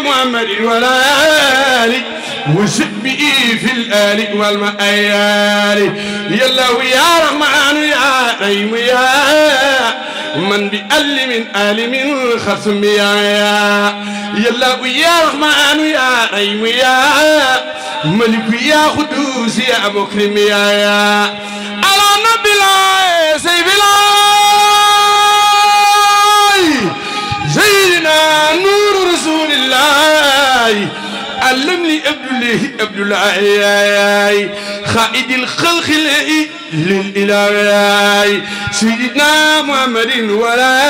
محمد والآل وزد بإي في الآل والمآل يا الله يا رحمن يا رحيم يا من بأل من آل من خصم يا يا الله يا رحمن يا رحيم يا ملك يا قدوس يا مكرم يا يا على نبي الله سيف الله زيدنا نور الله علمني عبد الله عبد الله خائد الخلق للإله سيدنا محمد ولا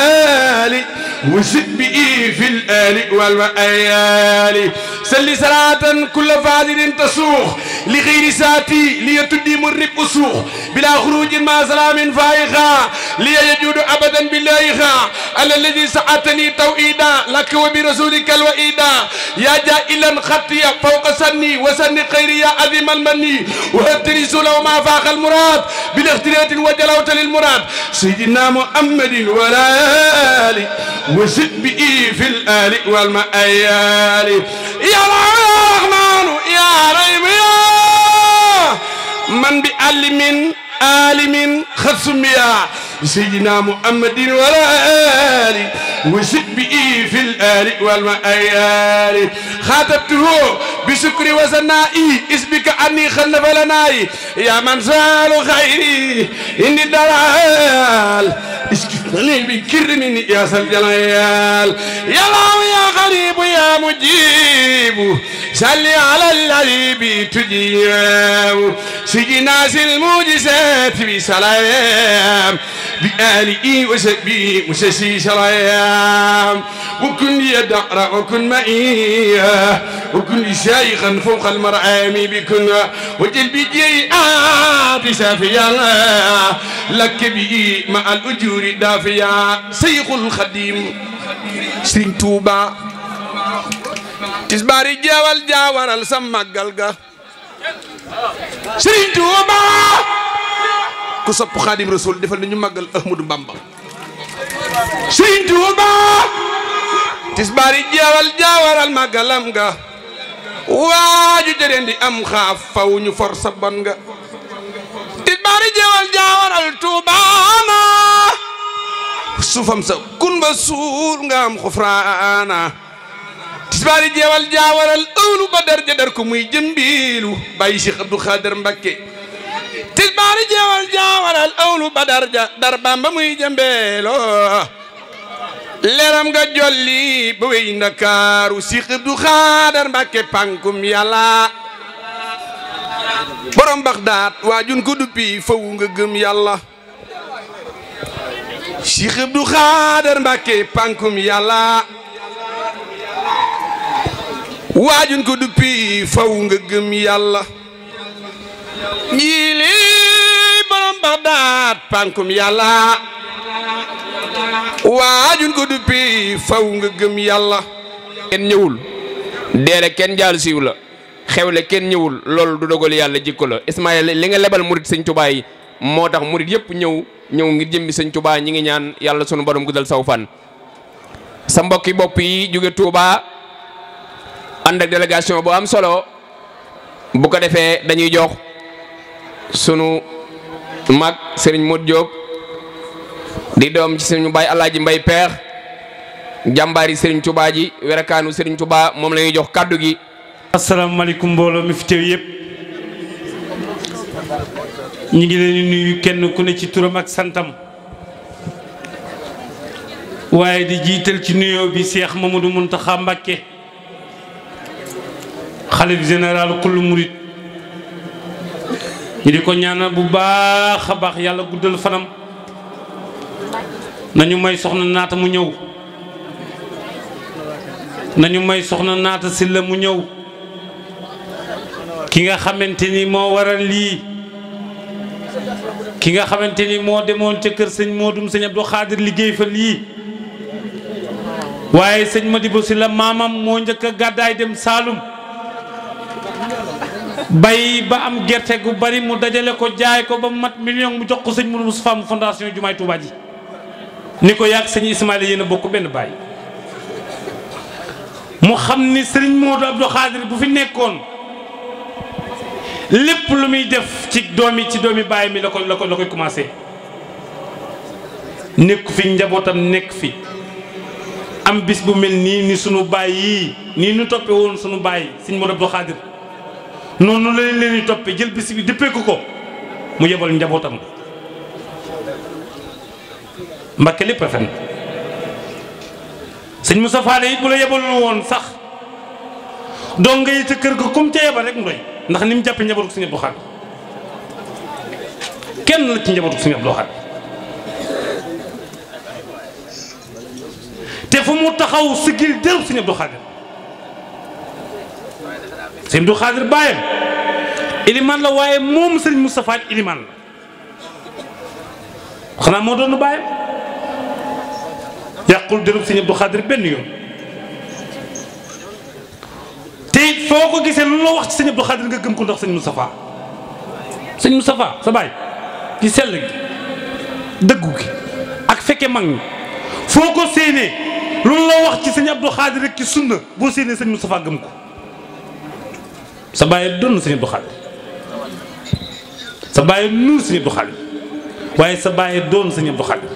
آله وزد به في الآل والمآيال سل صلاة كل فاضل تسوخ لغير ساتي ليتدي مرب أسوخ بلا خروج ما سلام فائخا ليجود أبدا بلايخا على الذي سعتني توئيدا لك وبرسولك الوئيدا يا جائلا خطي فوق سني وسن خيري يا عظيم المني وهترس لو ما فاق المراد بالاختلاط وجلوت للمراد سيدنا محمد ولا آله وزد بإي في الآل والمآيال يا رحمن يا رحيم يا من بألم آلم خصم يا سيدنا محمد والآل وسبئ في الآل والمآل خاطبته بشكر وزنائي اسمك أني خلف لناي يا من زال خيري إني دلال اسكتني بكرمني يا سلجلال يا الله يا غريب يا مجيب صلي على الذي بتجيب سجناس الموجزات بسلام بآله وسبه مسسي سرايا وكن لي دعرة وكن معي وكن شيخا فوق المرعام بكن وجل بجي آتي سافيا لك بي مع الأجور دافيا سيخ الخديم سرين توبا tisbaari jeewal jaawaral sa màggal ga Sëriñ Tuuba ku sopp xaadim rasul defal ni ñu màggal ahmadou bamba sëriñ tuuba tisbaari jaawal jaawaral màggalam nga waaju jëreen di am xaaf faw ñu for sa bon nga tisbaari jaawal jaawaral tuubaana suufam sa kun ba suur nga am xufraana tisbaari jaawal jaawaral ëwlu ba dar jadar ko muy jëmbiilu bàyyi Cheikh Abdou Khader Mbacké tisbaari jeewal jaawaral awlu ba darja dar bamba muy jëmbeelo leeram nga jolli ba wey ndakaaru si xibdu xaadar mbàkke pànkum yàlla borom baxdaat waajun ko duppi fawu nga gëm yàlla si xibdu xaadar mbàkke pànkum yàlla waajun ko duppi fawu nga gëm yàlla badaat pànkum yàlla waajun ko duppi faw nga gëm yàlla kenn ñëwul deere kenn jaalu siiw la xewle kenn ñëwul loolu du dogal yàlla jikko la Ismaayil li nga lebal murit sëñ Tuubaa moo tax murit yëpp ñëw ñëw ngir jëmmi sëñ Tuubaa ñu ngi ñaan yàlla sunu borom guddal saw fan sa mbokki bopp yi jóge Tuubaa ànd ak délégation bu am solo bu ko defee dañuy jox sunu mag sëriñ Modou Diop di doom ci suñu baay Alaaji Mbay Peex jàmbaari sëriñ Touba ji werekaanu sëriñ Touba moom lañuy jox kàddu gi. asalaamaaleykum mbooloo mi fi teew yëpp ñu ngi leen nuyu kenn ku ne ci turam ak santam waaye di jiital ci nuyoo bi Cheikh Mamadou Mountakha Mbacké xalif général kullu murit ñu di ko ñaanal bu baax a baax yàlla guddal fanam nañu may soxna naata mu ñëw nañu may soxna naata si la mu ñëw ki nga xamante ni moo waral lii ki nga xamante ni moo demoon ca kër sëñ Modou sëñ Abdou Khadir liggéey fa lii waaye sëñ Madiba si la maamam moo njëkk a gàddaay dem Saalum bay ba am gerte gu bari mu dajale ko jaay ko ba mu mat million mu jox ko sëñ Mourou Moustapha mu fondation Jumaay Touba ji ni ko yàgg sëñ Ismaïla yéen a bokk benn baay mu xam ni sëriñ Modou Abdou Khadir bu fi nekkoon lépp lu muy def ci doom yi ci doomi baay mi la ko la ko la koy commencé nekk fi njabootam nekk fi am bis bu mel nii ni sunu baay yii nii nu toppe woon sunu baay sëñ Modou Abdou Khadir noonu leen leen toppee jël bis bi dëppeeku ko mu yebal njabootam mbakke lépp a fen sëñ Moussa Fane it bu la yebalul woon sax dong ngay ca kër ga kum ca yebal rek ndoy ndax ni mu jàppee njabootu suñu doxaat kenn la ci njabootu suñu doxaat te fu mu taxaw sigil dërëm suñu doxaat. sëñ Abdou Xaadir bàyyam ilimaan la waaye moom sëñ Moustapha ak ilimaan la xanaa moo doon bàyyam yàqul dërëm sëñ Abdou Xaadir benn yoon te foo ko gisee lu la wax ci sëñ Abdou Xaadir nga gëm ko ndax sëñ Moustapha sëñ Moustapha sa baay ci sell gi dëggu gi ak fekke mag ñi foo ko séenee lu la wax ci sëñ Abdou Xaadir rek ci sunna boo séenee sëñ Moustapha gëm ko sa bàyyi donn sëñ Abdou Khadr sa bàyyi nuur sëñ Abdou Khadr waaye sa bàyyi doon sëñ Abdou Khadr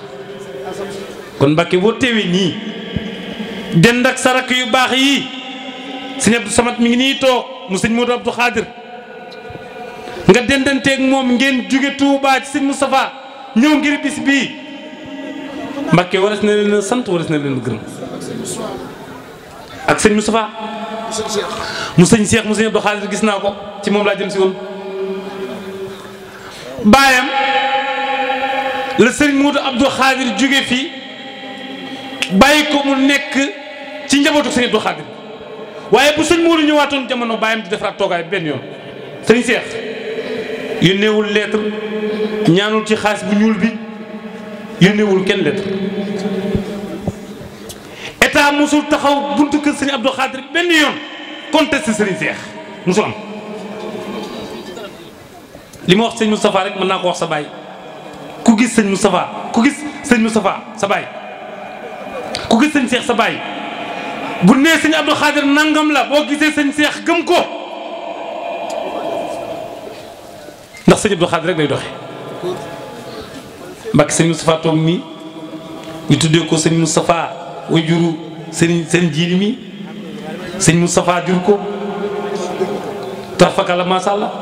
kon Mbàkke boo teewee nii dend ak sa rakk yu baax yii sëñ Abdou samat mi ngi nii toog mu sëñ Modou Abdou Khadr nga dendanteeg moom ngeen jóge Touba ci sëñ Moustapha ñëw ngir bis bii Mbàkke waras na leen sant waras na leen gërëm ak sëñ Moustapha mu sëñ Cheikh mu sëñ Abdou Khadir gis naa ko ci moom laa jëm si woon baayam la sëriñ Muudu Abdou Khadir jóge fii bàyyi ko mu nekk ci njabootu sëñ Abdou Khadir waaye bu sëñ Muudu ñëwaatoon jamono baayam di defaraat toogaay benn yoon sëñ Cheikh yónneewul lettre ñaanul ci xaalis bu ñuul bi yónneewul kenn lettre état mosul taxaw buntu kër sëriñ Abdou Khadir benn yoon contesté sëriñ Seex mosul am li ma wax sëñ Moustapha rek mën naa ko wax sa baay ku gis sëñ Moustapha ku gis sëñ Moustapha sa baay ku gis sëñ Seex sa baay bu nee sëñ Abdou Khadir nangam la boo gisee sëñ Seex gëm ko ndax sëñ Abdou Khadir rek lay doxe mbakki sëñ Moustapha toog nii ñu tuddee ko sëñ Moustapha way juru sëriñ seen jiili mi sëñ Moustapha jur ko tarfakala macha allah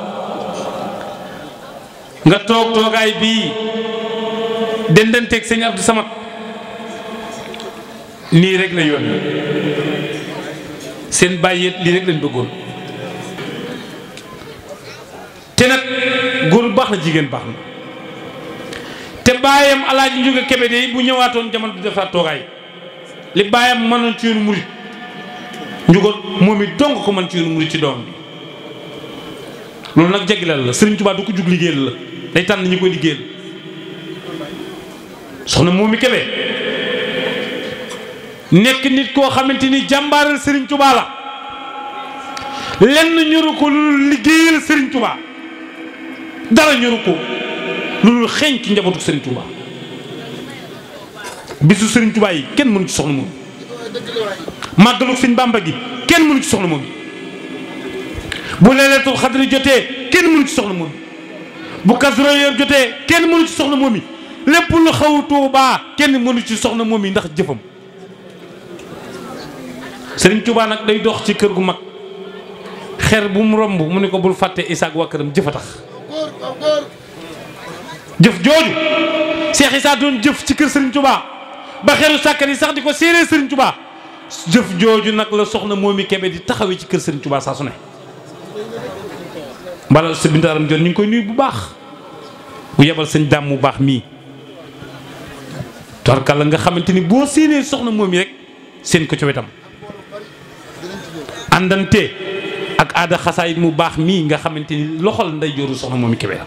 nga toog toogaay bii dendanteeg sëñ Abdou Samad nii rek la yoon seen bàyyi lii rek lañ bëggoon te nag góor baax na jigéen baax na te bàyyam alaaji njuga kebe de bu ñëwaatoon jamono bi defaat toogaay li bàyyam mënoon ci yoonu murit njugal moom it dong ko mën ci yoonu murit ci doom bi loolu nag jagleel la Sëriñ Tuubaa du ko jug liggéeyal la day tànn ñi koy liggéeyal soxna Momy Kébé nekk nit koo xamante ni jàmbaaral Sëriñ Tuubaa la lenn ñoru ko lu liggéeyal Sëriñ Tuubaa dara ñoru ko lu xeeñ ci njabootu Sëriñ Tuubaa bisu Serigne Touba kenn mënu ci soxna moom màggalu Sëñ Bàmba gi kenn mënu ci soxna moom bu leeleetul xadri jotee kenn mënu ci soxna moom bu Kazu Rajab jotee kenn mënu ci soxna moom yi lépp lu xaw Touba kenn mënu ci soxna moom yi ndax jëfam Serigne Touba nag day dox ci kër gu mag xer bu mu romb mu ne ko bul fàtte Isaak waa këram jëf a tax jëf jooju Seex Isaa doon jëf ci kër Serigne Touba. ba xelu sàkkan sax di ko séenee Serigne Touba jëf jooju nag la soxna Momy Kébé di taxawee ci kër Serigne Touba saa su ne. mbala si bintaaram jot ñu ngi koy bu baax bu yebal sëñ daam mu baax mii torkal nga xamante ni boo séenee soxna Momy rek seen ko ci wetam àndante ak aada xasaayit mu baax mii nga xamante ni loxol nday jooru soxna Momy Kébé la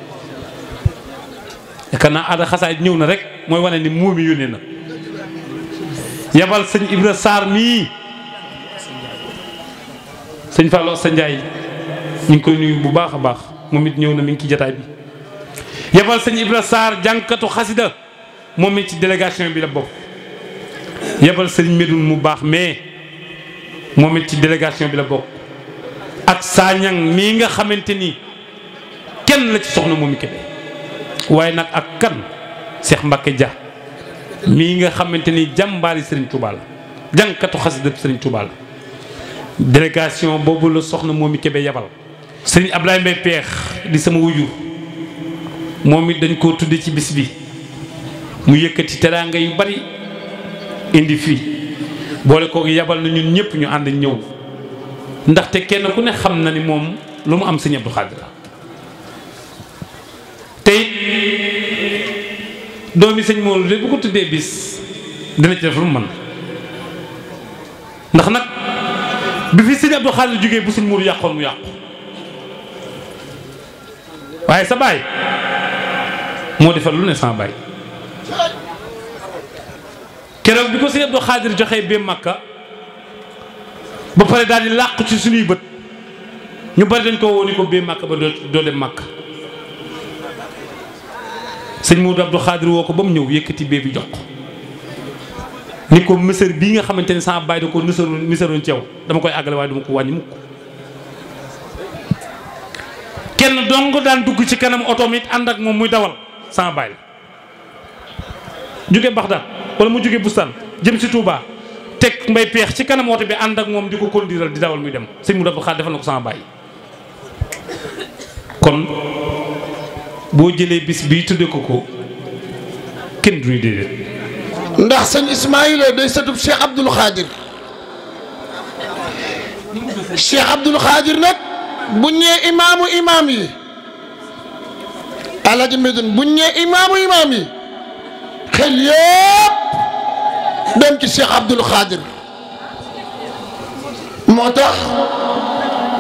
yaakaar naa aada xasaayit ñëw na rek mooy ne ni Momy yónnee na. yabal sañ Ibra Sarr mii sëñ Fallou sa Ndiaye ñu ngi koy nuyu bu baax a baax moom it ñëw na mi ngi ci jataay bi yabal sëñ Ibra Sarr jànkatu xasida moom it ci délégation bi la bokk yabal sëñ Medoune mu baax mais moom it ci délégation bi la bokk ak saañang mii nga xamante ni kenn la ci soxna moom i kebe waaye nag ak kan Cheikh Mbacke Dia mii nga xamante ni jàmbaari Serigne Touba la jànkatu xasida Serigne Touba la délégation boobu la soxna moom i Kébé yabal. Serigne Abdoulaye Mbaye Peex di sama wujur moom it dañ koo tuddee ci bis bi mu yëkkati teraanga yu bari indi fii boole kooku yabal na ñun ñëpp ñu ànd ñëw ndaxte kenn ku ne xam na ni moom lu mu am Serigne Abdou Khadre la doomi sëñ Moodu de bu ko tuddee bis dina ci def mu mën ndax nag bi fi sëñ Abdou Xaadir jógee bu sëñ Moodu yàqoon mu yàqu waaye sa baay moo defal lu ne sama baay keroog bi ko sëñ Abdou Xaadir joxee bee Makka ba pare daal di làqu ci suñuy bët ñu bari dañ ko wooni ko bee Makka ba doo doo dem Makka sëñ Modou Abdou Khadir woo ko ba mu ñëw yëkkati bee bi jox ko ni ko misër bii nga xamante ne sama bàyyi da ko misaroon misaroon ci dama koy àggale waaye dama ko wàññi mukk kenn dong daan dugg ci kanam otoom it ànd ak moom muy dawal sama bàyyi la jóge Baxdad wala mu jóge Bustaan jëm si Touba teg mbay peex ci kanam oto bi ànd ak moom di ko kondiral di dawal muy dem sëñ Modou Abdou Khadir defal na ko sama bàyyi kon boo jëlee bis bi tudde ko ko kenn duy déedéet ndax sëñ Ismaïla day sëtub Cheikh Abdoul Khadir Cheikh Abdoul Khadir nag bu ñee imaamu imaam yi Alaaji Medoune bu ñee imaamu imaam yi xel yëpp dem ci Cheikh Abdoul Khadir moo tax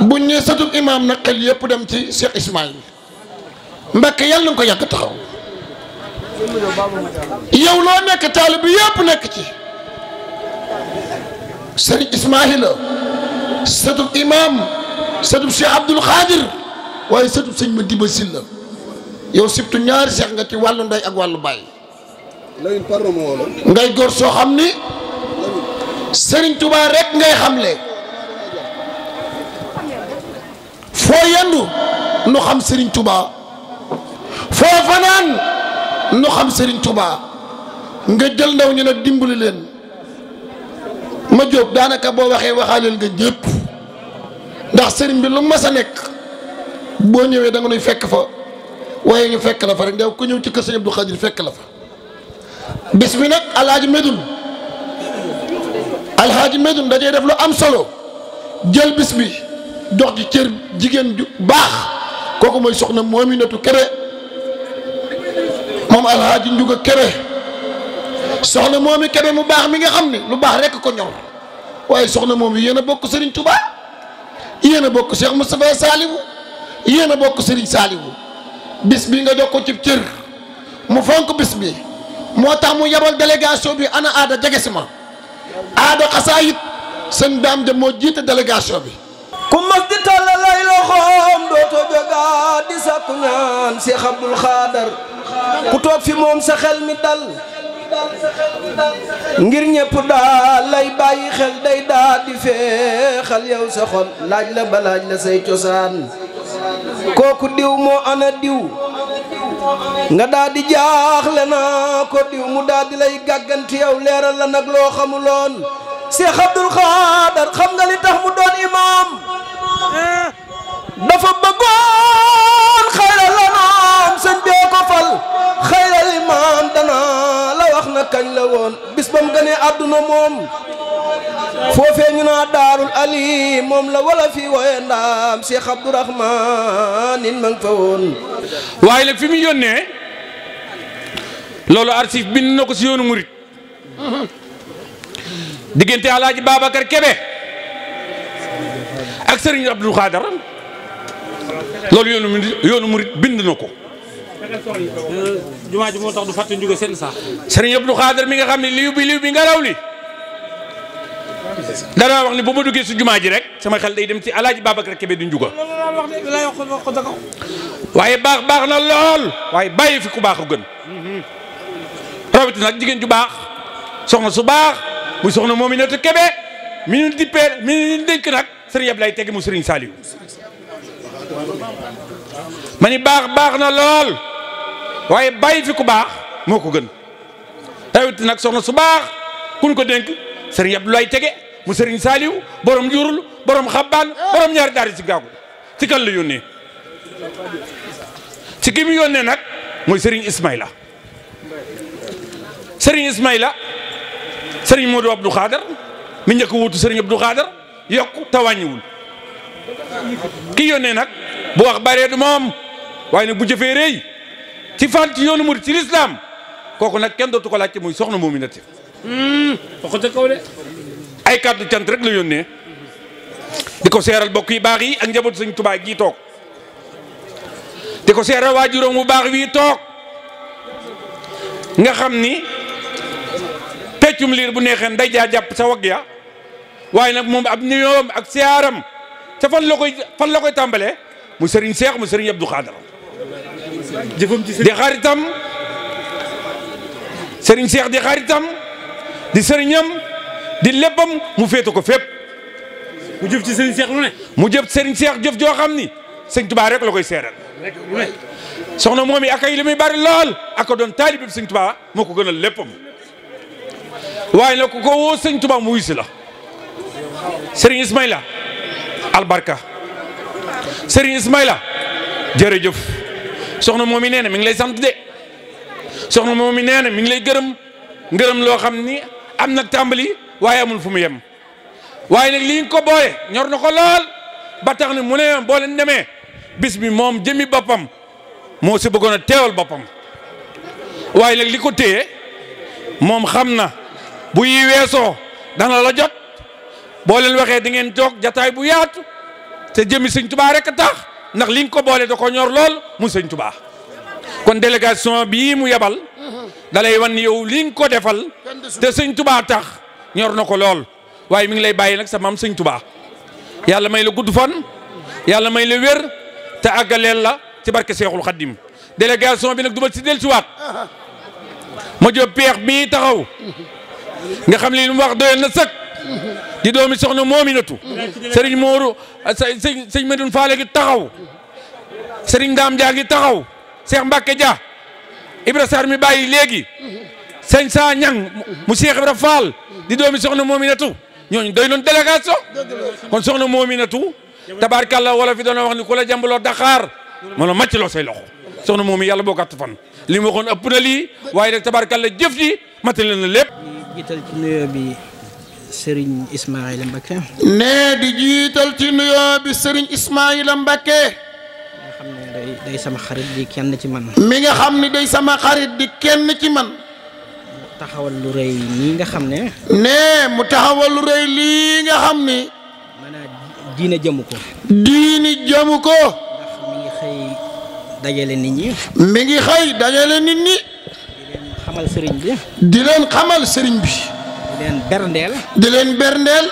bu ñee sëtub imaam nag xel yëpp dem ci Cheikh Ismaïla Mbàkke yàlla na ko yàgg taxaw yow loo nekk taalibe bi yëpp nekk ci sëriñ Ismaahila sëtub imaam sëtub Cheikh Abdoul Khadir waaye sëtub sëñ ma diba silla yow sibtu ñaari seex nga ci wàllu ndey ak wàllu baay ngay góor soo xam ni sëriñ Tuubaa rekk ngay xamle foo yendu nu xam sëriñ tubaa foo fanaan nu xam sëriñ Touba nga jël ndaw ñu nag dimbali leen ma jóob daanaka boo waxee waxaaleel nga ñëpp ndax sëriñ bi lu mas a nekk boo ñëwee da nga nuy fekk fa waaye ñu fekk la fa rek ndaw ku ñëw ci kër Serigne Abdou Khadir fekk la fa bis bi nag alaaji Medoune alaaji Medoune dajee def lu am solo jël bis bi jox ci cër jigéen ju baax kooku mooy soxna Moominatu Kebe moom alhaaji njuga kebe soxna moomi kebe mu baax mi nga xam ne lu baax rekk ko ñor waaye soxna moom yéen a bokk Serigne Touba yéen a bokk Cheikh Moustapha Saliou yéen a bokk Serigne Saliou bis bi nga jox ko cib cër mu fonk bis bi moo tax mu yabal délégation bi ana aada jege si ma aada xasaayit seen daam ja moo jiite délégation bi lay loxoom dooto jogaat di sakku ñaan Seex Abdul fi moom sa xel mi dal ngir ñëpp yow sa laaj la ba la say cosaan kooku diw moo ana diw nga daal jaaxle naa ko diw mu daal di lay gàgganti yow leeral la nag loo xamuloon Cheikh Abdoul Khadar xam nga li tax mu doon imaam dafa bëggoon xayral anaam sëñ bee ko fal xayral imaam dana la wax na kañ la woon bis ba mu gënee àdduna moom foofee ñu naa daarul ali moom la wala fii wooye ndaam Cheikh Abdourahman nin ma nga fa woon waaye nag fi mu yónnee loolu arsif bind na ko si yoonu murit diggante alaaji Babacar Kebe ak Serigne Abdou Khadar loolu yoonu murid yoonu murid bind na ko. jumaa ji moo tax du fàtte njuga seen sax. Serigne Abdou Khadar mi nga xam ne liw nga raw li danaa wax ni bu ma duggee si jumaa ji rek sama xel day dem ci alaaji Babacar Kébé di njuga waaye baax baax na lool waaye bàyyi fi ku baax a gën rawatina nag jigéen ju baax soxna su baax muy soxna Mominatou Kébé mi ñu dippee mi ñu dénk sëriñ lay tege mu sëriñ Saliou ma baax baax na lool waaye bàyyi fi ku baax moo ko gën tawit nag soxna su baax kun ko dénk sëriñ lay tege mu sëriñ Saliou borom jurul borom xabbaan borom ñaari daari si gaagu ci kan la yónnee ci ki mu yónnee nag mooy sëriñ Ismaïla sëriñ Ismaïla sëriñ Modou Abdou Khader mi njëkk wuutu sëriñ Abdou yokk te ki yónnee nag bu wax baree du moom waaye nag bu jëfee rëy ci fan ci yoonu murid ci lislaam kooku nag kenn dootu ko laajte muy soxna Mouminaty hmm, waxu kaw ay kàddu cant rek la yónnee di ko seeral bokk yi baax yi ak njaboot sëñ Tuubaa gi toog di ko seeral waajuram bu baax wii toog nga xam ni peccum liir bu neexee nday jaa jàpp sa wag ya waaye nag moom ab nuyoom ak siyaaram ca fan la koy fan la koy tàmbalee mu sëriñ Seex mu sëriñ Abdou Khadre jëfam ci di xaritam sëriñ Seex di xaritam di sëriñam di léppam mu féete ko fépp. mu jëf ci sëriñ Seex lu ne. mu jëf sëriñ Seex jëf joo xam ni sëñ Tuubaa rek la koy seeral. rek moom i ak ay li muy bari lool ak ko doon taalib bi sëñ moo ko gënal léppam waaye nag ko woo sëñ Tuubaa mu wuyu la. Serigne Ismaïla albarka Serigne Ismaïla jërëjëf soxna moom mi nee na mi ngi lay sant de soxna moom mi neena na mi ngi lay gërëm gërëm loo xam ni am na tàmbali waaye amul fu mu yem waaye nag li ko booye ñor na ko lool ba tax mu ne boole leen demee moom jëmmi boppam moo si bëggoon a teewal boppam waaye nag li ko téye moom xam na bu yi weesoo dana la jot. boo leen waxee di ngeen toog jataay bu yaatu te jëmmi sëñ tubaa rek a tax ndax li nga ko boole da ko ñor lool mu sëñ tubaa kon délégation bii mu yebal dalay wan yow li nga ko defal te sëñ tubaa tax ñor na ko lool waaye mi ngi lay bàyyi nag sa maam sëñ tubaa yàlla may la gudd fan yàlla may la wér te àggaleel la ci barke seexul xaddim délégation bi nag du ma si dellusiwaat ma jóg peex bii taxaw nga xam li mu wax doyoon na sëkk di doomi soxna moominatu sëriñ Mooru ah, sëñ sëñ Medoune Faale gi taxaw sëriñ Ndaam Dia gi taxaw Cheikh Mbacke Dia Ibra Sarr mi bàyyi léegi sëñ saa ñang mu Cheikh Ibra Fall di doomi soxna moominatu ñooñu doy loon délégation kon soxna moominatu tabaarkàlla wala fi doon wax ni ku la jambaloo Dakar moo la màcc loo say loxo soxna moomi yàlla boo gàtt fan li mu waxoon ëpp na lii waaye nag tabaarkàlla jëf ji matal na lépp. Serigne Ismaïla Mbakke. nee di jiital ci nuyoo bi sëriñ Ismaïla Mbakke. mi nga xam ne day sama xarit di kenn ci man. mi nga xam ne day sama xarit di kenn ci man. mu taxawal lu rëy nii nga xam ne. nee mu taxawal lu rëy lii nga xam ni. maanaam diine jëmu ko. diine jëmu ko. mi ngi xëy dajale nit ñi. mi ngi xëy dajale nit ñi. di leen xamal sëriñ bi. di leen xamal sëriñ bi. di leen berndeel. di leen berndeel.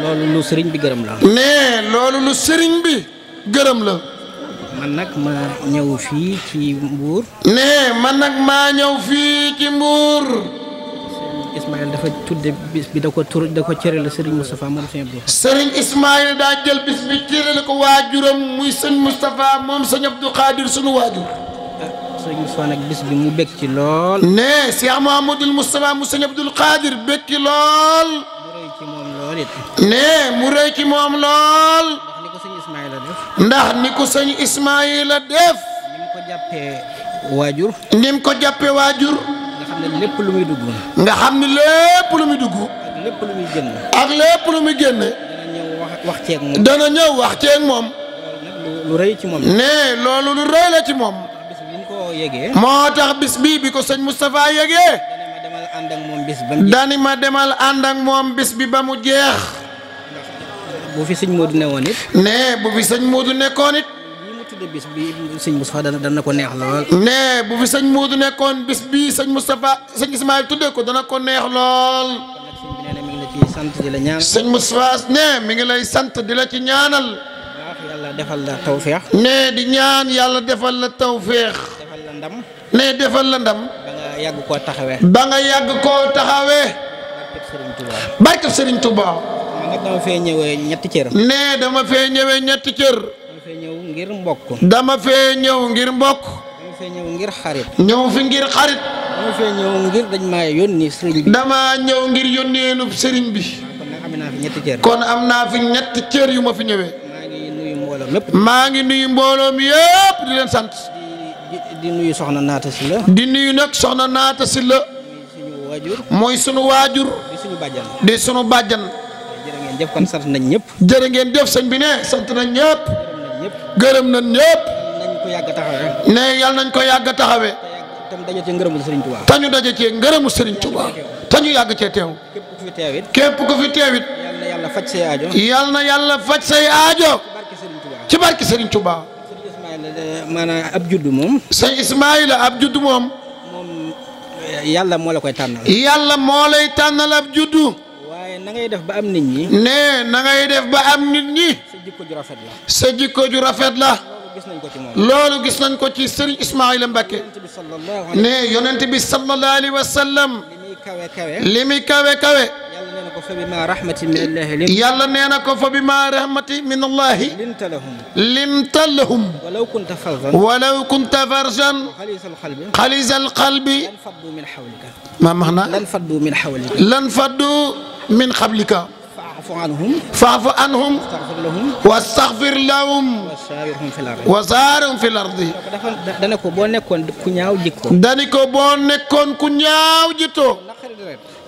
loolu lu sëriñ bi gërëm la. nee loolu lu sëriñ bi gërëm la. man nag ma ñëw fii ci Mbour. nee man nag maa ñëw fii ci Mbour. Ismaïl dafa tudde bis bi da ko tur da ko cërale Serigne Moustapha moom sëñ Abdou. Serigne Ismaïl daa jël bis bi cërale ko waajuram muy sëñ Moustapha moom sëñ Abdou Khadir sunu waajur. sëñ Moustapha nag bis bi mu bég ci lool. ne Cheikh Mouhamadul Moustapha mu sëñ Abdoul Khadir bég ci lool. mu rëy moom lool ne mu rëy ci moom lool. ndax ni ko sëñ Ismaïla def. ndax ni ko sëñ Ismaïla def. ni mu ko jàppee waajur. ni ko jàppee waajur. nga xam ne lépp lu muy dugg. nga xam ne lépp lu muy dugg. ak lépp lu muy génn. génn. dana ñëw wax wax moom. dana rëy ci moom. loolu lu rëy la ci moom. ko yëgee. moo tax bis bi bi ko sëñ Moustapha yëgee. dani ma demal ànd ak moom bis bi ba mu jeex. fi sëñ Modou newoon it. nee bu fi sëñ Modou nekkoon it. ne bis bi sëñ Moustapha dana dana ko neex lool. nee bu fi sëñ du nekkoon bis bii sëñ Moustapha sëñ Ismaïl tuddee ko dana ko neex lool. sëñ Moustapha ne mi ngi lay sant di la ci ñaanal. ne di ñaan yàlla defal la tawféex. ndam. ne defal la ndam. ba nga yàgg koo taxawee. ba nga yàgg koo taxawee. barkeb Serigne Touba. man dama fee ñëwee ñetti cër. ne dama fee ñëwee ñetti cër. dama ñëw ngir mbokk. dama fee ñëw ngir mbokk. dama fee ngir xarit. ñëw fi ngir xarit. bi. kon am naa fi ñetti cër. yu ma fi ñëwee. maa ngi nuyu mbooloo mépp. di leen sant. di nuyu soxna Naata sila di nuyu nag soxna Naata Sylla. mooy sunu waajur. di sunu bàjjan. di bàjjan. jërë ngeen jëf kon sant nañ ñëpp. jërë ngeen jëf sëñ bi ne sant nañ ñëpp. gërëm nañ ñëpp. nañ ko yàgg a taxawee. ne yal nañ ko yàgg a taxawee. te ñu daje cee ngërëmu Serigne Touba. te ñu daje cee ngërëmu Serigne ñu yàgg cee teew. képp ku fi teew yal na yàlla faj say aajo. yal na ci barke Serigne Touba. maanaam ab juddu moom. sëñ Ismaayila ab juddu moom. Eh, yàlla moo la koy tànnal. yàlla moo lay tànnal ab juddu. waaye na ngay def ba am nit ñi. nee na ngay def ba am nit ñi. sa jikko ju rafet la. sa jikko ju rafet la. loolu gis nañ ko ci sëriñ Ismaayila Mbacke. nee yonent bi sallallahu alayhi wa sallam. li muy kawe kawe. li muy kawe kawe. ko fa bi ma rahmatin min allahi yàlla nee na ko fa bi ma rahmatin min allahi linta lahum linta lahum walaw kunta farjan walaw kunta farjan xalisal qalbi xalisal qalbi lan faddu min xawlika maa max na lan faddu min xawlika lan faddu min xablika faafu anhum wastaxfir lahum wasaarihum fi lardi dani ko boo nekkoon ku ñaaw jikkoo dani ko boo nekkoon ku ñaaw jittoo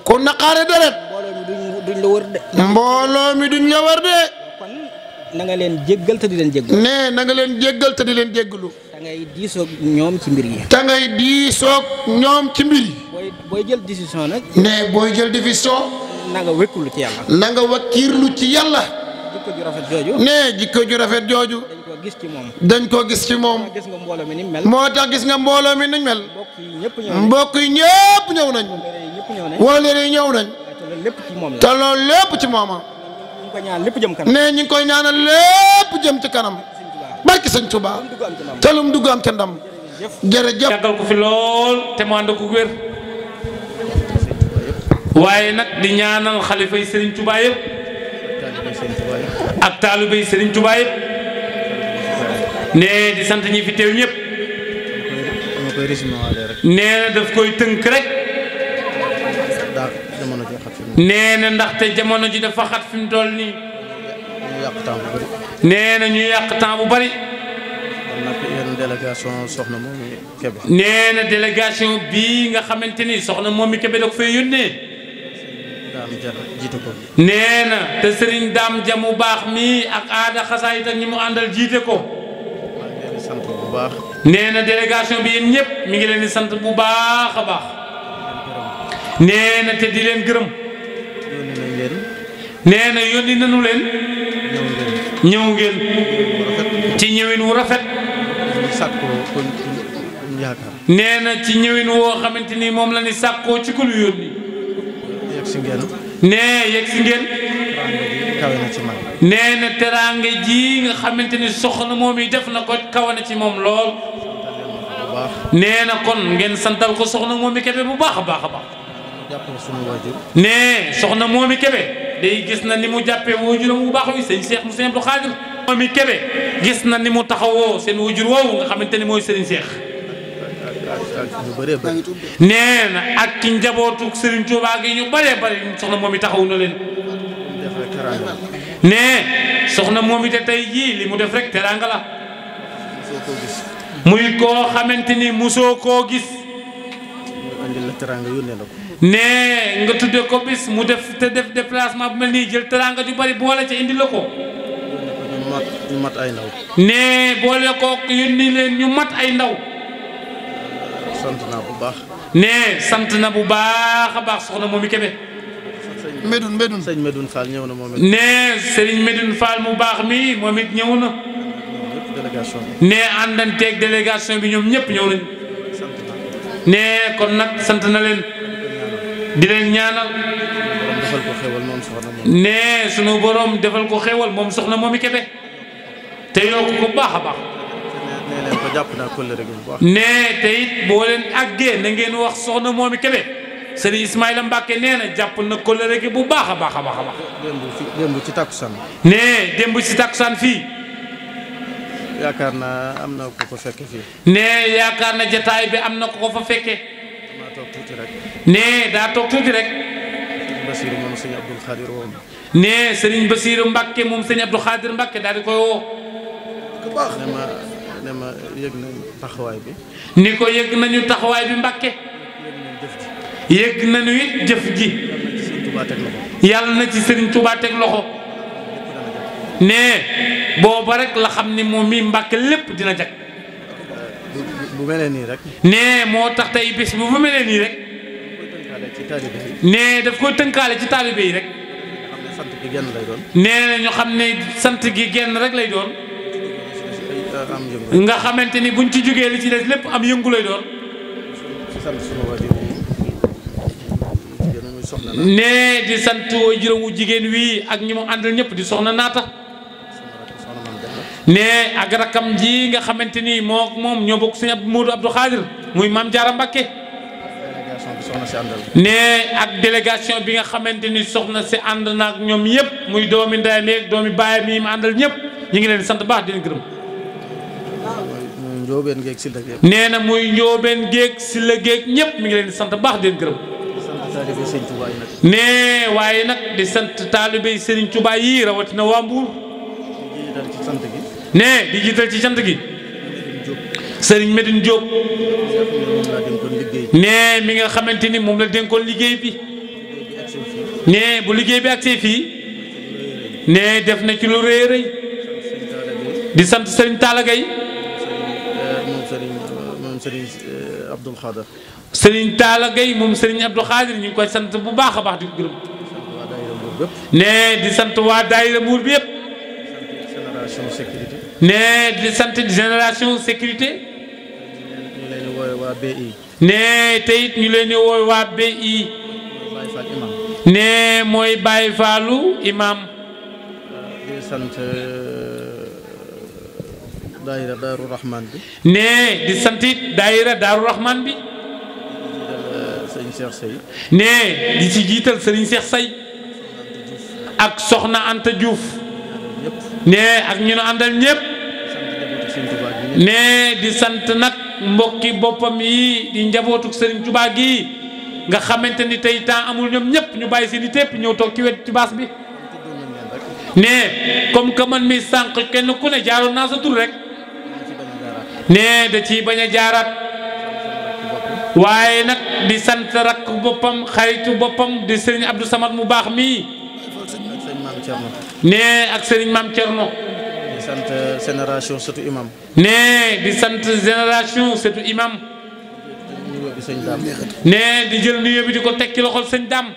kon naqaare deret mbooloo mi duñ la wër de. mbooloo mi duñ la wër de. kon na nga leen jéggal di leen jéggalu. nee na nga leen jéggal di leen jéggalu. da ngay diisoog ñoom ci mbir yi. da ngay diisoog ñoom ci mbir yi. booy jël décision nag. nee booy jël décision. na nga wëkkilu ci yàlla. na nga wëkkilu ci yàlla. jikko rafet jooju. nee jikko ju rafet jooju. gis ci moom. dañ ko gis ci moom. moo tax gis nga mbooloo mi ni mel. moo tax gis nga mbooloo mi ni mel. mbokk yi ñëpp ñëw nañ. wala léegi ñëw nañ. te loolu lépp ci moom ne ñu ngi koy ñaanal lépp jëm ci kanam. barki sëñ Tuba te lu mu dugg am ca ndam. jërëjëf yàggal ko fi lool te ko wér. nag di ñaanal xalifa yi sëriñ yëpp. nee di sant ñi fi teew ñëpp. nee na daf koy tënk rek. nee na ndaxte jamono ji dafa xat fi mu toll nii. nee na ñu yàq temps bu bari. nee na délégation bii nga xamante ni soxna moom mi Kébé da ko fay yónnee. nee na te Serigne Dame Dia mu baax mii ak aada xasaayit ak ñi mu àndal jiite ko. baax. nee na délégation bi yéen ñëpp mi ngi leen di sant bu baax a baax. nee te di leen gërëm. nee na yónni nañu leen. ñëw ngeen. ci ñëwin wu rafet. nee na ci ñëwin woo xamante ni moom la ni sàkkoo ci ku lu yónni. nee na teraanga ji nga xamante ni soxna moom yi def na ko kaw na ci moom lool. nee na kon ngeen santal ko soxna moom yi kebe bu baax a baax a baax. nee soxna moom yi kebe day gis na ni mu jàppee waajuram bu baax wi sëñ Cheikh mu sëñ Abdou Khadir. moom yi kebe gis na ni mu taxawoo seen waajur wow nga xamante ni mooy Serigne Cheikh. nee na ak ci njabootu Serigne Touba gi ñu bëree bëri soxna moom yi taxaw na leen. ne soxna moom it tey jii li mu def rek teraanga la muy koo xamante ni musoo koo gis ne nga tudde ko bis mu def te def déplacement bu mel nii jël teraanga ju bari boole ca indi la ko ñu mat ay ndaw. nee boole ko yónni leen ñu mat ay ndaw. sant na bu baax. nee sant na bu baax a baax soxna moom i Kébé. Medoune Medoune. sëñ Medoune Fall ñëw na moom it. nee sëriñ Medoune mu baax mi moom it ñëw na. nee àndanteeg délégation bi ñoom ñëpp ñëw nañ kon nag sant na leen. di leen ñaanal. nee sunu borom defal ko xéwal moom soxna moom i kebe. te yokk ko baax a baax. nee te it boo leen àggee na ngeen wax soxna moom i kebe. sëriñ Ismaïla Mbacke nee na jàpp na kóllëre gi bu baax a baax a baax baax. démb ci démb ci takkusaan. nee démb ci takkusaan fii. yaakaar na am na ko ko fekke fii. nee yaakaar na jataay bi am na ko ko fa fekke. daa rek. nee daa toog tuuti rek. sëriñ moom sëñ Abdou Khadir woo ma. nee sëriñ Basiirou Mbacke moom sëñ Abdou Khadir Mbacke daal di koy woo. ne ma ne ma yëg nañu taxawaay bi. ni ko yëg nañu taxawaay bi Mbacke. yëg nañu it jëf ji yàlla na ci sëriñ Touba teg loxo ne booba la xam ni moom mii Mbàkke lépp dina jag bu melee nii rek. nee moo tax tey bés bu bu nii rek. nee daf koy tënkaale ci taalibe yi rek. nee na ñu xam ne sant gi genn rek lay doon. nga xamante ni buñ ci jógee li ci des lépp am yëngu lay doon. soxna nee di sant way juróom jigéen wii ak ñi mu àndal ñëpp di soxna naata. nee ak rakam ji nga xamante ni moo moom ñoo bokk sëñ Moodu Abdou Khadir muy maam Jaara Mbakke. nee ak délégation bi nga xamante ni soxna si ànd na ak ñoom yëpp muy doomi ndey meeg doomi baay mi mu àndal ñëpp ñu ngi leen sant baax di leen gërëm. nee na muy njóobeen géeg si la géeg ñëpp mi ngi leen sant baax di gërëm. nee waaye nag di sant taalibey sëriñ Touba yi rawatina waa Mbour. nee di jiital ci sant gi. Serigne Medine Diop. nee mi nga xamante ni moom la dénkoon liggéey bi. nee bu liggéey bi agsee fii. nee def na ci lu rëy rëy. di sant Serigne Talla Gaye. Eh, moom Serigne eh, sëriñ Talla Gueye moom sëriñ Abdou ñu ngi koy sant bu baax a baax di ko nee di sant waa daayira Mbour bi yëpp. nee di sant génération sécurité. nee te it ñu leen di wooy waa BI. nee mooy Baye Fallou imam. di sant daayira Daaru Rahman bi. nee di sant it daayira Daaru bi. sëriñ Cheikh Sey. nee di ci jiital sëriñ Cheikh say ak soxna Anta Diouf nee ak ñu nu àndal ñëpp nee di sant nag mbokki boppam yi di njabootuk sëriñ Touba gi nga xamante ni tey temps amul ñoom ñëpp ñu bàyyi seen i tépp ñëw toog ci wet ci baas bi. nee comme que man mi sànq kenn ku ne jaaroon naa sa tur rek nee da ciy bañ a jaaraat. waaye nag di sant rakk boppam xaritu boppam di sëriñ Abdou Samad mu baax mii. nee ak sëriñ maam Thierno. Euh, di sant génération nee di sant génération surtout imam. nee di jël nuyoo bi di ko teg ci loxol sëñ Dame.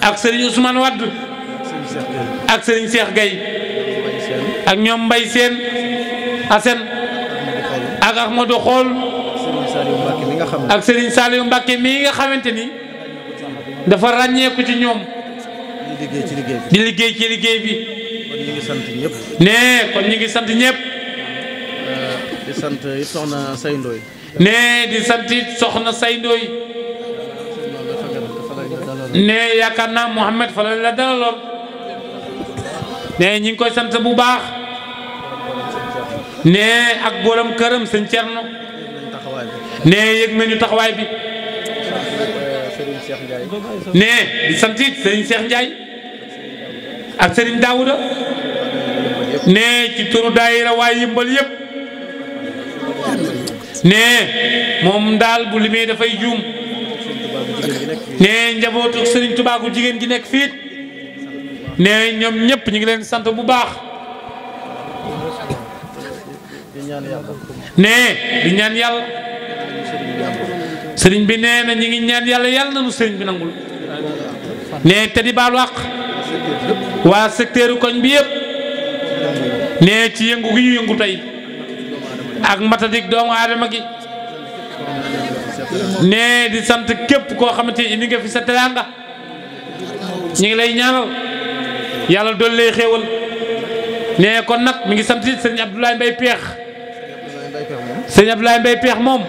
ak sëriñ Ousmane Wadd ak sëriñ Cheikh Gueye. ak ñoom mbay seen Assane. ak Ahmadou Xool. nga xam ak Serigne Saliou Mbacke mii nga xamante ni dafa ràññeeku ci ñoom. di liggéey ci liggéey bi liggéey ci liggéey bi. kon ñëpp. nee kon ñu ngi sant ñëpp. di sant Say Ndoye. nee di sant it soxna Say Ndoye. nee yaakaar naa Mouhamed fa la dalaloon. nee ñu ngi koy sant bu baax. nee ak borom këram sëñ Thierno. nee yëg nañu taxawaay bi nee di sant it Serigne Cheikh Ndiaye ak Serigne Daouda nee ci turu daayira waay yëmbal yëpp nee moom daal bu limee dafay juum nee njabootu sëriñ Touba jigéen gi nekk fiit nee ñoom ñëpp ñu ngi leen sant bu baax nee di ñaan yàlla sëriñ bi nee na ñi ngi ñaan yàlla yàlla na nu sëriñ bi nangul nee te di baalu àq waa secteur koñ bi yëpp nee ci yëngu gi yëngu tey ak matadik doomu aadama gi nee di sant képp koo xamante indi nga fi sa teraanga ñu ngi lay ñaanal yàlla dool lay xéewal nee kon nag mi ngi sant sëriñ Abdoulaye Mbaye Peex sëriñ Abdoulaye Mbaye Peex moom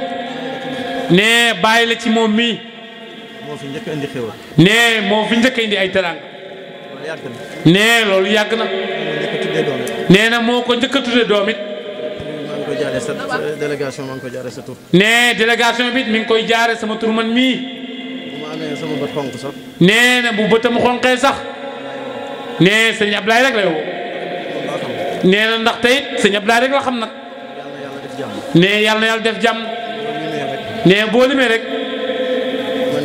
nee bàyyi la ci moom mii. moo fi njëkk indi xéwal. nee moo fi njëkk indi ay teraanga. nee loolu yàgg na. nee na moo ko njëkk a tuddee doom it. délégation maa ngi koy sa tur. nee délégation bi mi ngi koy jaaree sama tur man mii. nee na bu bëtam xonqee sax. nee sëñ Ablaye rek la yow. nee na ndax tey it sëñ rek la xam nag. nee yàlla na yàlla def jàmm. nee boo limee rek. mën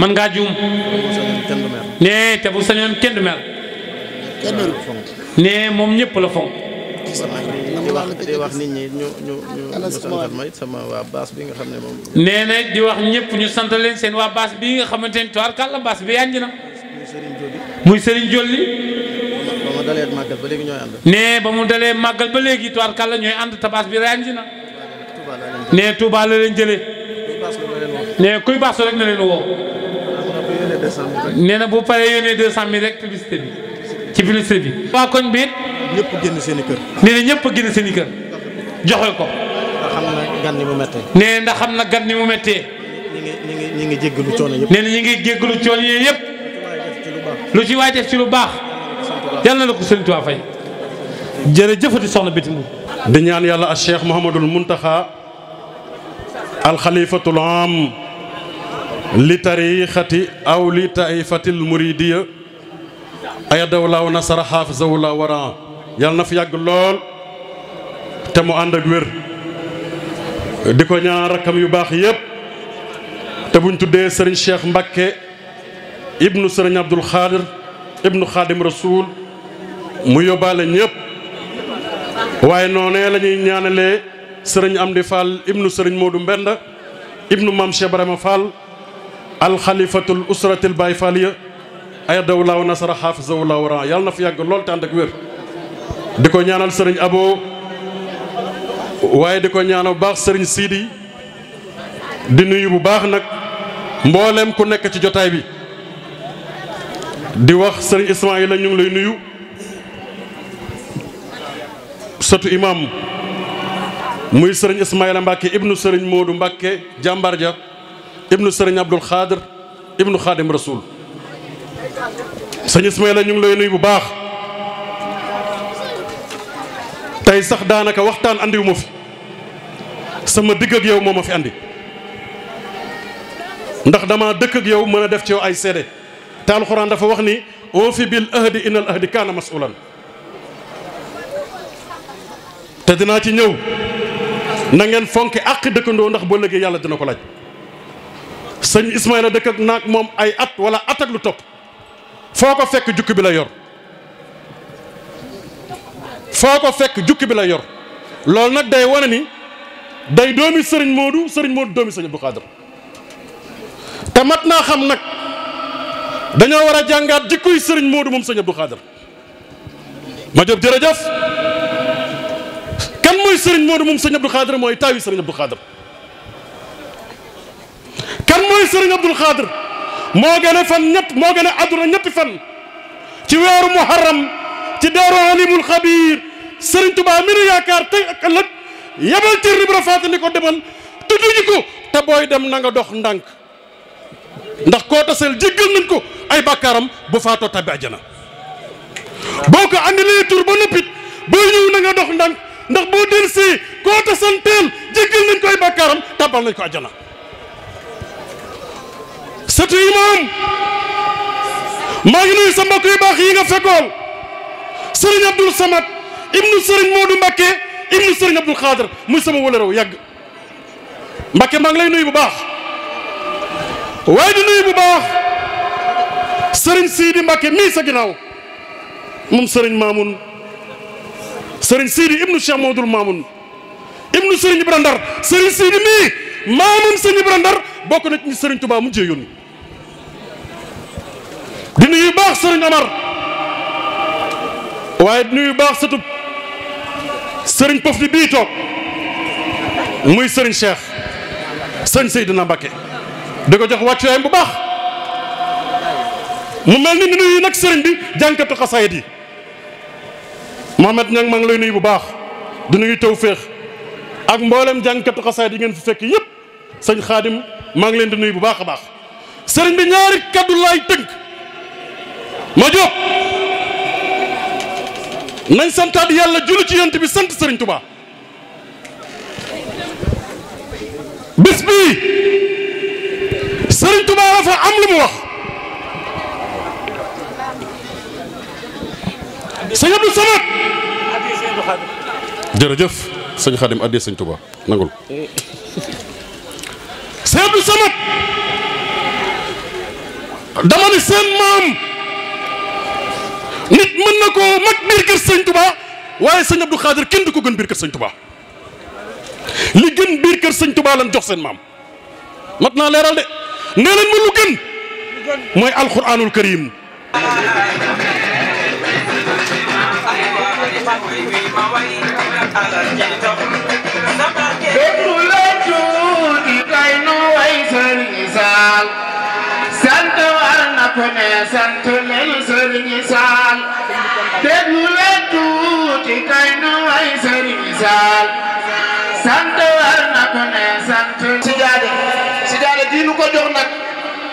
ngaa juum mën ngaa juum. nee te bu sañoon kenn du mer. nee moom ñëpp la fonk. di wax nit ñi ñu ñu ñu santal ma sama waa baas bi nga xam ne moom. nee na di wax ñëpp ñu sant leen seen waa baas bi nga xamante ni tuwaar kàlla baas bi yànj na. muy Serigne Jolli. ba mu dalee màggal ba léegi ñooy ànd. nee ba mu dalee màggal ba léegi tuwaar kàlla ñooy ànd tabaas bi ànj na. nee Touba la leen jëlee. nee kuy baasu rek na leen woo. nee na bu paree yónnee deux cent mille rek publicité bi ci publicité bi. waa koñ bi ñépp ñëpp génn seen kër. nee na ñëpp génn seen i kër joxe ko. ndax xam na gan nee ndax xam na gan ni mu ngi ñi ngi ñi ngi jéggalu ñi ngi jéggalu coono yëpp. lu ci waay def ci lu baax. yàlla na la ko Sëriñ Tuubaa fay. jërëjëfati soxna Bitim. di ñaan yàlla ak Cheikh Mouhamadul Mountakha. alxalifatul li tariixati aw li taifatil muridiya ayadawlaaw nasara xaafisawulaa waraa yàlla na fi yàgg lool te mu ànd ak wér di ko ñaan rakkam yu baax yépp te buñ tuddee sëriñ Cheikh Mbakke ibnu sëriñ Abdul Xaadir ibnu Xaadim Rasuul mu yóbbaale ñépp waaye noonee lañuy ñuy ñaanalee sëriñ Amdi Fall ibnu sëriñ Modou Mbenda ibnu Maam Cheikh Ibrahima alxalifatul usratil baay faaliya ayadawu laaw nasara xaafisawu laaw ran yàlla na fi yàgg lool te ànd wér di ko ñaanal sëriñ abo waaye di ko ñaanal bu baax sëriñ siidi di nuyu bu baax nag mbooleem ku nekk ci jotaay bi di wax sëriñ Ismaayla ñu lay nuyu sëtu imam muy sëriñ Ismaayla Mbàkke ibnu sëriñ Moodu Mbàkke jàmbar ja ibnu sëriñ Abdul Xaadir ibnu Xaadim Rasul sëñ Ismaila ñu ngi lay nuyu bu baax tey sax daanaka waxtaan andiwu ma fi sama digg yow moo ma fi andi ndax dama dëkk yow mën a def ci yow ay seede te alxuraan dafa wax ni on fi bil ahdi inal ahdi kaana masulan te dinaa ci ñëw na ngeen fonke àq dëkkandoo ndax boo léegi yàlla dina ko laaj sëñ Ismaïla dëkk ak naag moom ay at wala at ak lu topp foo ko fekk jukki bi la yor foo ko fekk jukki bi la yor loolu nag day wane ni day doomi sëriñ Moodu sëriñ Moodu doomi sëriñ Abdou Khadre te mat naa xam nag dañoo war a jàngaat jikkuy sëriñ Moodu moom sëriñ Abdou Khadre ma jëb jërëjëf kan mooy sëriñ Moodu moom sëriñ Abdou Khadre mooy taawi sëriñ Abdou Khadre kan mooy sëriñ Abdul Xaadir moo gën a fan ñett moo gën a àdduna ñetti fan ci weeru muharram ci daaru alimul xabiir sëriñ Tuubaa mi nu yaakaar tey ak ëllëg yebal ci ribra ko demal tudd ji ko te booy dem nanga dox ndànk ndax koo taseel jéggal nañ ko ay bàkkaaram bu faatoo tabbi ajana boo ko andilee tur ba noppit boo ñëw na dox ndànk ndax boo dellusee koo tasanteel jéggal nañ ko ay bàkkaaram tabal nañ ko ajana sëtu yi moom maa ngi nuyu sa mbokk baax yi nga fekkoon sëriñ Abdul Samad ibnu sëriñ Modou Mbakke ibnu sëriñ Abdul Xaadar muy sama wala raw yàgg Mbakke maa ngi lay nuyu bu baax waaye di nuyu bu baax sëriñ Sidi Mbakke mii sa ginnaaw moom sëriñ Mamoun sëriñ Sidi ibnu Cheikh Modou Mamoun ibnu sëriñ Ibra Ndar sëriñ mii Mamoun sëriñ Ibra Ndar bokk na ci sëriñ Tuubaa mu jee di nuyu baax sëriñ Omar waaye di nuyu baax sëtub sëriñ pof di bii toog muy sëriñ Cheikh sëñ Seydina Mbakke di ko jox wàccuwaayam bu baax mu mel ni ni nuyu nag sëriñ bi jànkatu xasaayit yi Mohamed Niang maa ngi lay nuyu bu baax di tew feex ak mboolem jànkatu xasaayit yi ngeen fi fekk yëpp sëñ Xaadim maa ngi leen di nuyu bu baax a baax sëriñ bi ñaari kaddu laay tënk. ma jóg nañ santaat yàlla julli ci yent bi sant Serigne Touba bis bii Serigne Touba am lu mu wax sëñ Abdou Samad jërëjëf sëñ Xadim addee sëñ Touba nangul sëñ Abdou Samad dama ni seen maam nit mën na koo mag biir sëñ Touba waaye sëñ Abdou Khadir kenn di ko gën biir kër sëñ Touba li gën biir kër sëñ Touba lan jox seen maam mat naa leeral de nee nañ lu gën mooy alquranul karim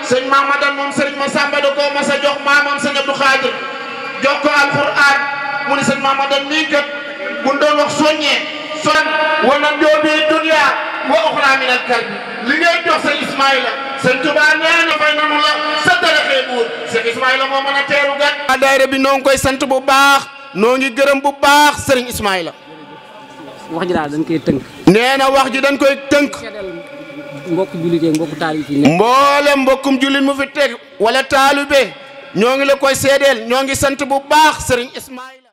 sëñ Mamadan moom sëriñ Masamba da koo mas a jox maamam sëñ Abdou Khadir jox ko alquran mu ne sëñ Mamadan mii kat buñ doon wax soññee son wana njóobee dunya wa uxra min al kalbi li ngay jox sëñ Ismaïla sëñ Tuubaa nee na fay nanu a sa taraxee buur sëñ Ismaïla moo mën a teeru gan daayira bi noo koy sant bu baax noo ngi gërëm bu baax sëriñ Ismaïla wax ji daal dañ tënk nee koy tënk mbokk jullit yeeg mbokk taalib fi mboolem mbokkum jullit mu fi teg wala taalube ñoo ngi la koy seedeel ñoo ngi sant bu baax sëriñ Ismaïl